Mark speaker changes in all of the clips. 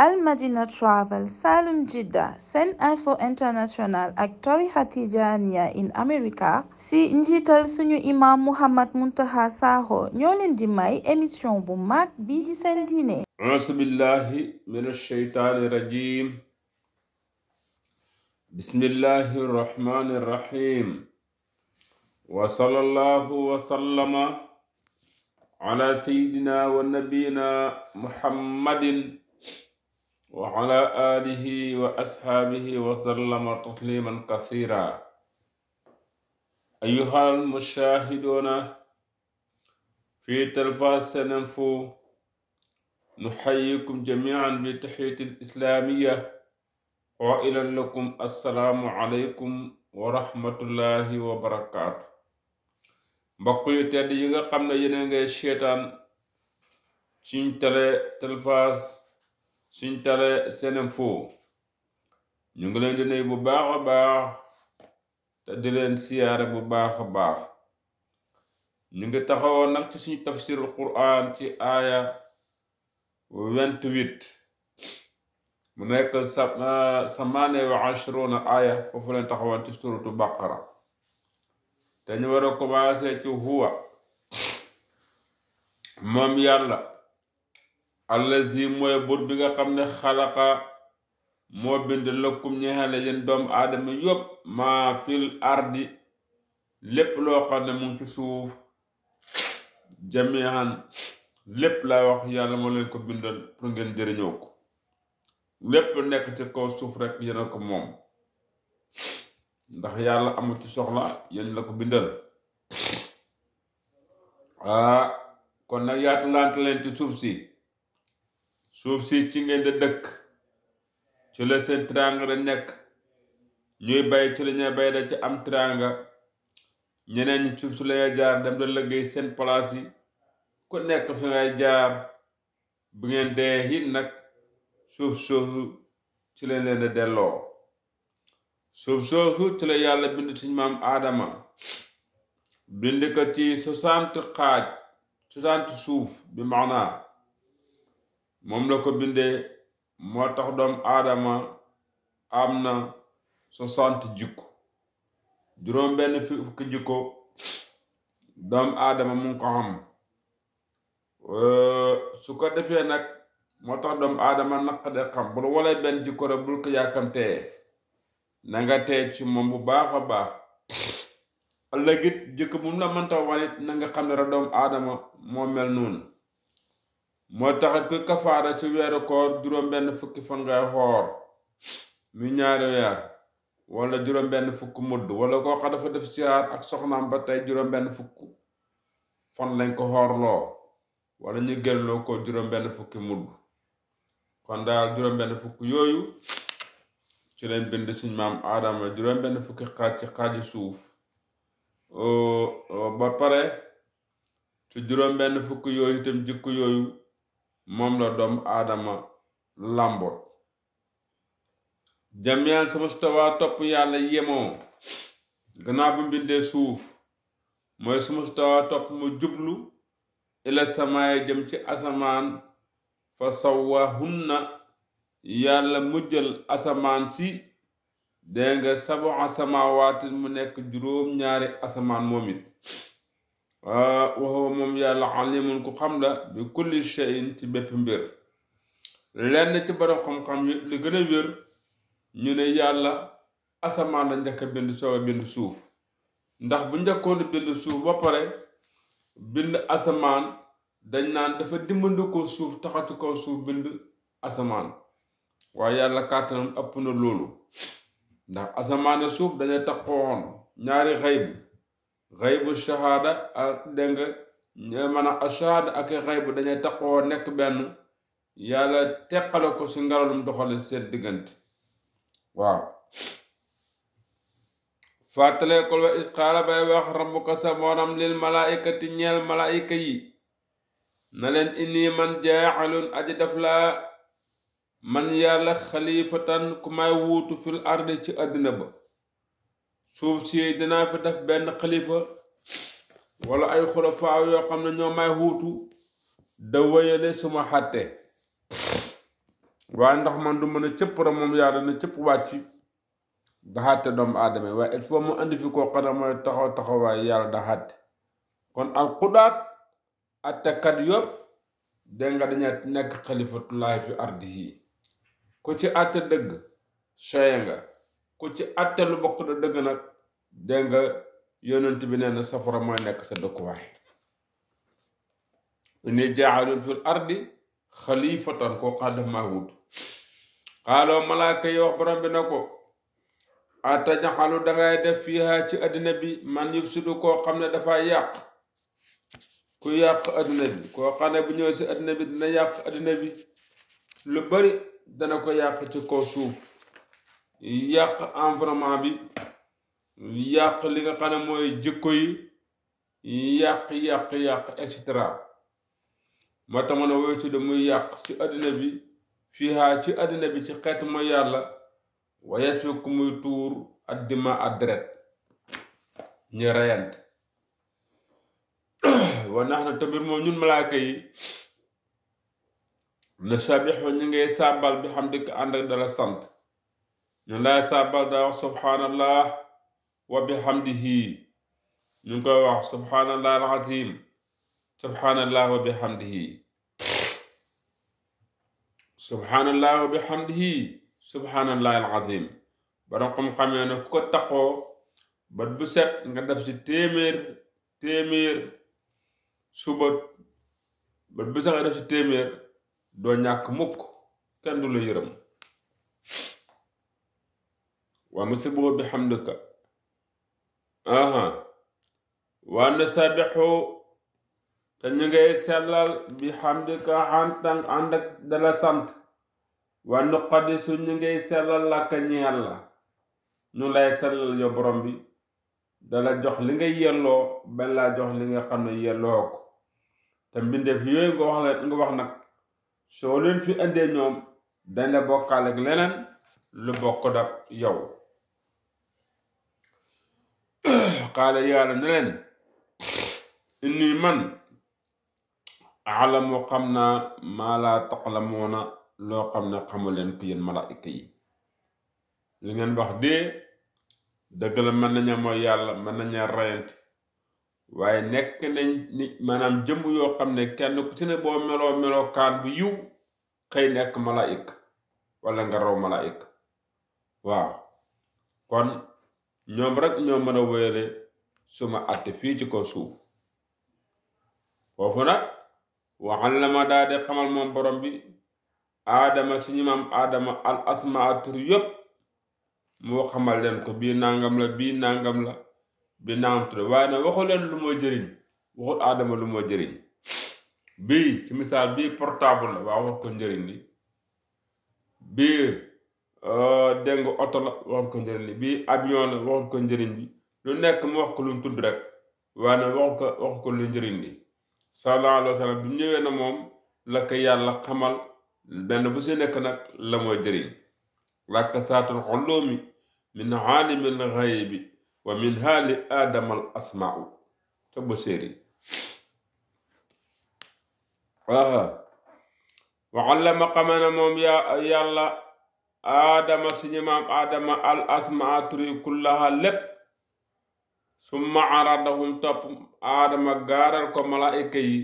Speaker 1: al madina travel salum jidda sen info international ak tarixa tijaniya in america si njiital suñu imam muhammad muntaha sakho ñoo leen di may émission bu mag bii di seen diine auzu billahi min alsheytaani rajim bismillahi arrahmani arrahim wa sallallahu wa sallama ala sayidina wa nabiyina muhammadin wa ala aalihi wa asxaabihi wa sallama tasliman kasiira ayyuhal mushaahiduuna fi telfaas Seneinfo nuxayyikum jamiican bi taxiyatil islaamiyya qaa'ilan lakum assalaamu aleykum wa rahmatullaahi wa barakaatu. mbokk yu tedd yi nga xam ne yéen a ngay seetaan ci télé telfaas suñ tale fu ñu ngi leen di nuyu bu baax a baax te di leen siyaare bu baax a baax ñu ngi taxawoon nag ci suñu tafsirul Qur'an ci aaya vingt-huit mu nekk samaane ah, wa ashrona aaya foofu leen taxawoon ci suratu baqara te ñu war a commencé ci huwa moom yàlla allazi mooy buur bi nga xam ne xalaqa moo bind lëkkum ñeexale yéen doomu aadama yópp maa fil ardi lépp loo xam ne mu ci suuf jamihan lépp laa wax yàlla moo leen ko bindal pour ngeen jëriñoo ko lépp nekk ci kaw suuf rek yéen a ko moom ndax yàlla amul ci soxla yéen la ko bindal ah, kon nag yaat laante leen ci suuf si suuf si ci ngeen di dëkk ci la seen teraanga da nekk ñuy bay ci la ñuy bay da ci am teraanga ñeneen suuf su la ñuy jaar dem da liggéey seen palaas yi ku nekk fi ngay jaar bu ngeen dee it nag suuf soosu ci lañ leen delloo suuf soosu ci la yàlla bind suñ maam aadama bind ko ci soixante xaaj soixante suuf bi maanaa moom la ko bindee moo tax doomu aadama am na soixante jikko juróom benn fukki jikko doomu aadama mu ngi xam euh, su ko defee nag moo tax doom aadama naq de xam bul wala benn jikko rek bul ko yàkkamtee na nga tey ci moom bu baax a baax ëllëgit jikko bu mu la mënta wanit na nga xam ne rek doomu aadama moo mel noonu moo taxit ku kafaara ci weeru koor juróom-benn fukki fan ngay xoor muy ñaari weer wala juróom-benn fukk mudd wala koo xam dafa def siyaar ak soxnaam ba tey juróom-benn fukk fan lañ ko xoorloo wala ko juróom-benn fukki mudd kon daal juróom-benn fukk yooyu ci lañ bind suñ maam aadama juróom-benn fukki xaaj ci xaaji suuf ba pare ci juróom-benn fukk yooyu itam jikko yooyu moom la doomu aadama làmbo jamiyaan sama sutawaa topp yàlla yemoo gannaaw bu suuf mooy sama sutawaa topp mu jublu ila samaay jëm ci asamaan fa sawwahunna yàlla mu jël asamaan si dégg nga sabu asamawaatin mu nekk juróom-ñaari asamaan moom it Ah, waxoo moom yàlla alimun ku xam la bi kulli shay'in ci bépp mbir lenn ci borom xam-xam yi li gën a wér ñu ne yàlla asamaan la njëkk a bind soog bind suuf ndax bu njëkkoon bind suuf ba pare bind asamaan dañ naan dafa dimbandi ko suuf taxati ko suuf bind asamaan waaye yàlla kàttanam ëpp na loolu ndax asamaan suuf dañu taxoon ñaari xëy xaybu shahaada ak dégg nga maanaam ashahaada ak xaybu dañuy taqoo nekk benn yàlla teqale ko si ngelaw lu mu diggante waaw fàttalikul wa isqaala bay wax rabbuka sa borom lil malaayikati ñeel malaayika yi na leen inni man jaaxalun aji daf laa man yàlla xalifatan ku may wuutu fil ardi ci àddina ba suuf si danaa fi def benn xalifa wala ay xulafaa yoo xam ne ñoo may xuutu da wéyale suma xàtte waaye ndax man du mën a cëpp ra moom yaa dana cëpp wàcc da xàtte doomu aadama yi waaye il faut mu andi fi koo xam ne mooy taxaw taxawaay yàlla da xàtte kon alxudaat attekat yëpp dégg nga dañu nekk xalifatullaahi fi ardi yi ku ci àtte dëgg soye nga ku ci ate lu bokk da dëgg nag dégg nga yonent bi nee safara mooy nekk sa dëkkuwaay inni jaaxalun fil ardi xalifatan koo xaadaf maa wut xaaloo malaaka yi wax bi na ko atajaxalu dangay def fiha ci àddina bi man yufsidu koo xam ne dafa yàq ku yàq àddina bi koo xam ne bu ñëw si àddina bi dina yàq àddina bi lu bari dana ko yàq ci kaw suuf yàq environnement bi yàq li nga xam ne mooy jikko yi yàq yàq yàq et moo tax ma ne woytu muy yàq ci àddina bi fii haa ci àddina bi ci xeet mooy yàlla waaye su ku muy tuur addima adret ñu reyant wa nax na tamit moom ñun malaaka yi ne sabixu ñu ngay saabal bi xam dikk ànd ak dala sant ñu lay saabal daa wax subhanallah wa bihamdihi ñu ngi ko wax subhanallah alazim subhanallah wa bihamdihi subhanallah wa bihamdihi subhanallah alazim borom xam-xam ne ku ko taqoo bat bu set nga def ci téeméer téeméer suba bat bu set nga def ci téeméer doo ñàkk mukk kenn du la yërëm wa nusibu bihamdika aha wa nusabbixu te ñu ngay sellal bi xamdika xantang ànd ak dala sant wa nuqaddisu ñu ngay sellal làkk ñeel la ñu lay sellal yo borom bi dala jox li nga yelloo bañ jox li nga xam ne yelloo ko te mbindeef yooyu nga wax la nga wax nag soo leen fi indee ñoom dañ la bokkaale leneen lu bokk dak yow qaala yàlla ne leen inni man alamu xam naa maa laa taxlamoona loo xam ne xamu leen ko yéen malaayika yi li ngeen wax dee dëgg la mën nañu mooy yàlla mën nañu reyant waaye nekk nañ nit maanaam jëmb yoo xam ne kenn ku ci ne boo meloo melokaan bu yiw xëy nekk malaayika wala nga raw malaayika waaw kon ñoom rek ñoo mën a suma atte fii ci ko suuf foofu nag waxal la ma daa de xamal moom borom bi aadama ci ñi maam al asmaa tur yépp mu xamal leen ko bii nangam la bii nangam la bi nangam tur waaye nag waxu lu moo jëriñ waxul aadama lu moo jëriñ bii ci misaal bii portable la waa wax ko njëriñ li bii euh, dégg oto la waxul ko njëriñ li bii avion la waxul ko njëriñ bi lu nekk mu wax ko lu mu tudd rek waaye bi mu ñëwee moom la ko yàlla xamal bu si nekk nag la mooy jëriñ làkk saatul xoloomi min aalimil xaybi wa min haali aadamal asmaau te ba séeri waxallama xame na moom yaa yàlla aadama si ñi maam al asmaa turi kullaha lépp summa aradahum topp aadama gaaral ko malaayka yi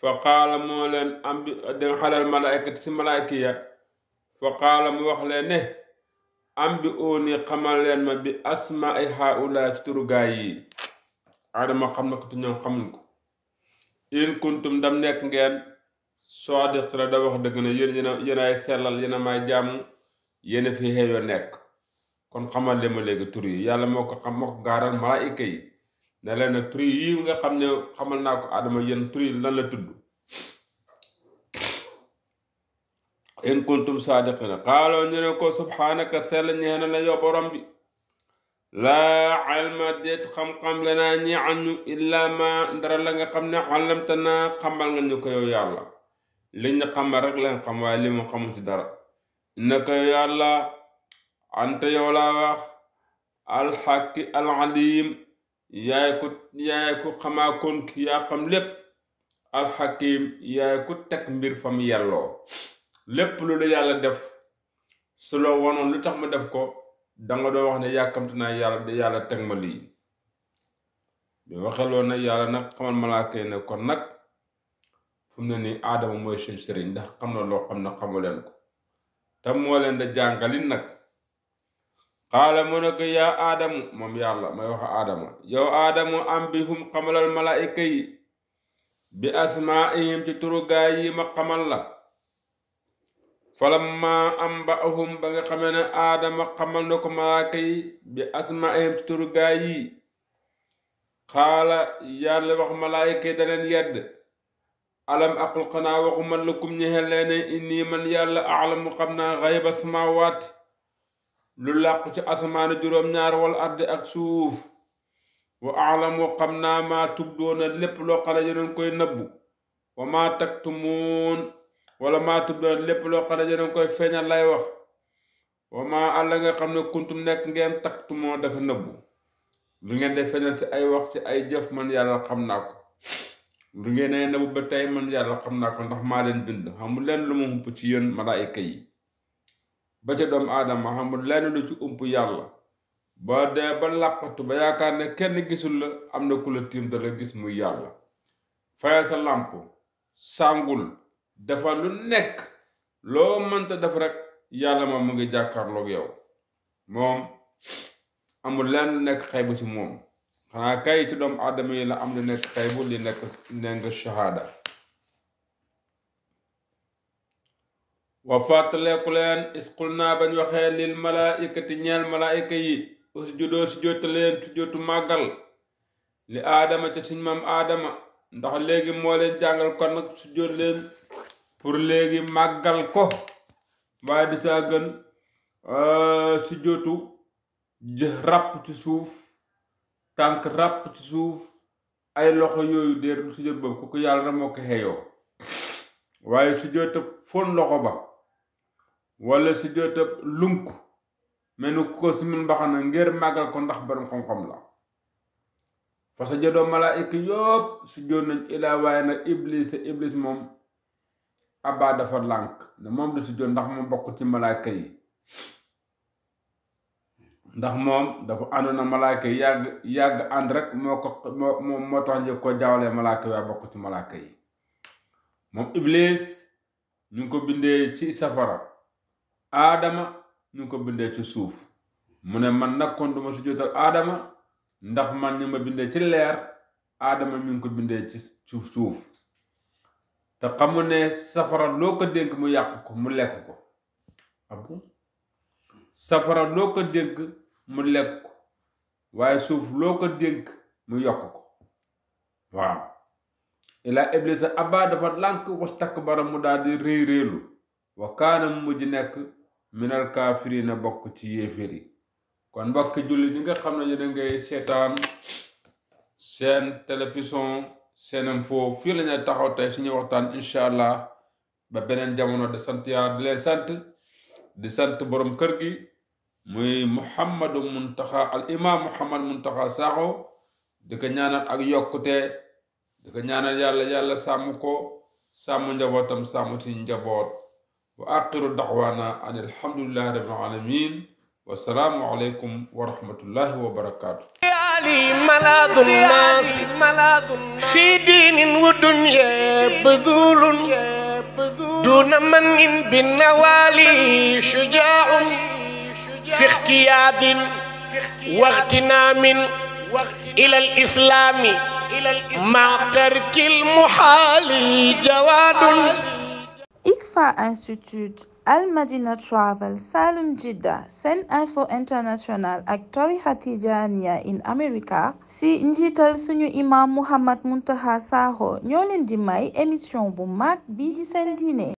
Speaker 1: fa qaala moo leen am dem xalal malaayka ci malaayka ya fa qaala mu wax leen ne am bi óoni xamal leen ma bi asma ay haula ci turu gaay yi aadama xam na ko te ñoom xamuñ ko in kuntum dam nekk ngeen soo dixtira da wax dëgg na yéen yéen ay sellal yéen may jàmm yéen fi xeeyoo nekk kon xamal leen ma léegi tur yi yàlla moo ko xam moo ko gaaral malaayika yi ne leen nag tur yi nga xam ne xamal naa ko Adama yéen tur yi lan la tudd in kuntum saadiqina xaaloo ñu ne ko subhaanaka sell ñeena la yow borom bi laa alma déet xam-xam lanaa ñi annu illaa ma ndara la nga xam ne xàllamte naa xamal nga ñu ko yow yàlla liñ ñu xamal rek lañ waaye li mu xamu ci dara innaka yow yàlla anta yow laa wax alxaqi alalim yaay ku yaay ku xamaa kon yaa xam lépp alxakim yaay ku teg mbir fam yelloo lépp lu la yàlla def su loo wanoon lu tax ma def ko danga doo wax ne yàkkamte naa yàlla de yàlla teg ma lii bi waxee loolu nag yàlla nag xamal malaaka ne kon nag fu ne nii aadama mooy seen sëriñ ndax xam na loo xam ne xamu leen ko te moo leen da jàngalin nag xaala mu ne ko yaa aadamu moom yàlla may wax aadama yow aadamu am bi hum xamalal malaayika yi bi asmaa'ihim ci turu yi ma xamal la falamma am ba ahum ba nga xamee ne aadama xamal na ko malaayika yi bi asmaa'ihim ci turu yi xaala yàlla wax malaayika yi da leen yedd alam aqul xanaa waxuma lakum ñexel leen inni man yàlla aalamu xam na xayba samaawaat lu làqu ci asamaani juróom-ñaar wal ardi ak suuf wa alamu xam naa maa tubdoona lépp loo xam ne koy nëbbu maa taktumuun wala maa lépp loo xam ne yéen koy feeñal lay wax wa maa àlla nga xam ne kuntum nekk ngeen taktumuun dafa nëbbu lu ngeen de feeñal ci ay wax ci ay jëf man yàlla xam naa ko lu ngeen ne nëbbu ba tey man yàlla xam naa ko ndax maa leen bind xamul leen lu ma hump ci yéen malaayika yi ba ca doomu aadama xamul lenn lu ci ump yàlla ba dee ba làqatu ba yaakaar ne kenn gisul la am na ku la tiim dala gis muy yàlla fayal sa làmp sàngul dafa lu nekk loo mënta def rek yàlla moom mu ngi jàkkaarloog yow moom amul lenn lu nekk xeebu ci moom xanaa kay ci doomu aadama yi la am lu nekk xaybu li nekk ne shahaada wa fàttaleeku leen isqul naa bañ waxee lil malaayikati ñeel malaayika yi usjudoo si joote leen si jootu màggal li aadama ca suñ maam aadama ndax léegi moo leen jàngal kon nag su leen pour léegi màggal ko waaye du caa gën euh, si jootu jë ci suuf tànk ràpp ci suuf ay loxo yooyu déer du si jot boobu kooku yàlla na moo ko waaye su jot loxo ba wala si lunk mel ni ko simin mbaxana ngir màggal ko ndax borom xam-xam la fa sa jodoo malaayika yëpp su joon ilaa waaye nag iblis sa iblis moom abaa dafa lànk ndax moom bokk ci malaayika dafa àndoon na malaayika yi yàgg yàgg ànd rek moo ko moo moo tax njëkk ko jaawalee malaayika yi waaye bokk malaayika yi moom iblis ñu ngi ko bindee ci safara aadama nu ko bindee ci suuf mu ne man nag kon duma sujjóotal aadama ndax man ni ma bindee ci leer aadama ñu ngi ko bindee ci suuf suuf te xamu ne safara loo ko dénk mu yàq ko mu lekk ko ah safara loo ko dénk mu lekk ko waaye suuf loo ko dénk mu yokk ko waaw ilaa iblisa abba dafa lànk wastakbara mu daal di réy réylu wa kaanam mujj nekk minal kaafiri na bokk ci yéeféer kon mbokk jullit ñi nga xam na ñu da ngay seetaan seen télévision seenam foofu fii la ñuy taxaw tey suñu waxtaan incha allah ba beneen jamono di sant yàlla leen sant di sant borom kër gi muy Mouhamadou Mountakha al imam Mouhamad Mountakha Sakho di ko ñaanal ak yokkute di ko ñaanal yàlla yàlla sàmm ko sàmm njabootam sàmm ci njaboot. wa aqiru daxwaana an alhamdulillahi rabbil alamin wa salaamu aleykum wa rahmatullahi wa barakaatu ملاذ الناس في دين ودنيا بذول دون من بالنوالي شجاع في اختياد واغتنام إلى الإسلام مع ترك المحال جواد ICFA institute Al Madina Travel Salum Jidda SeneInfo International ak tarixa Tijaaniya in America si njiital suñu imam Mouhammad Muntaqa Sakho ñoo leen di may émission bu mag bi di seen diine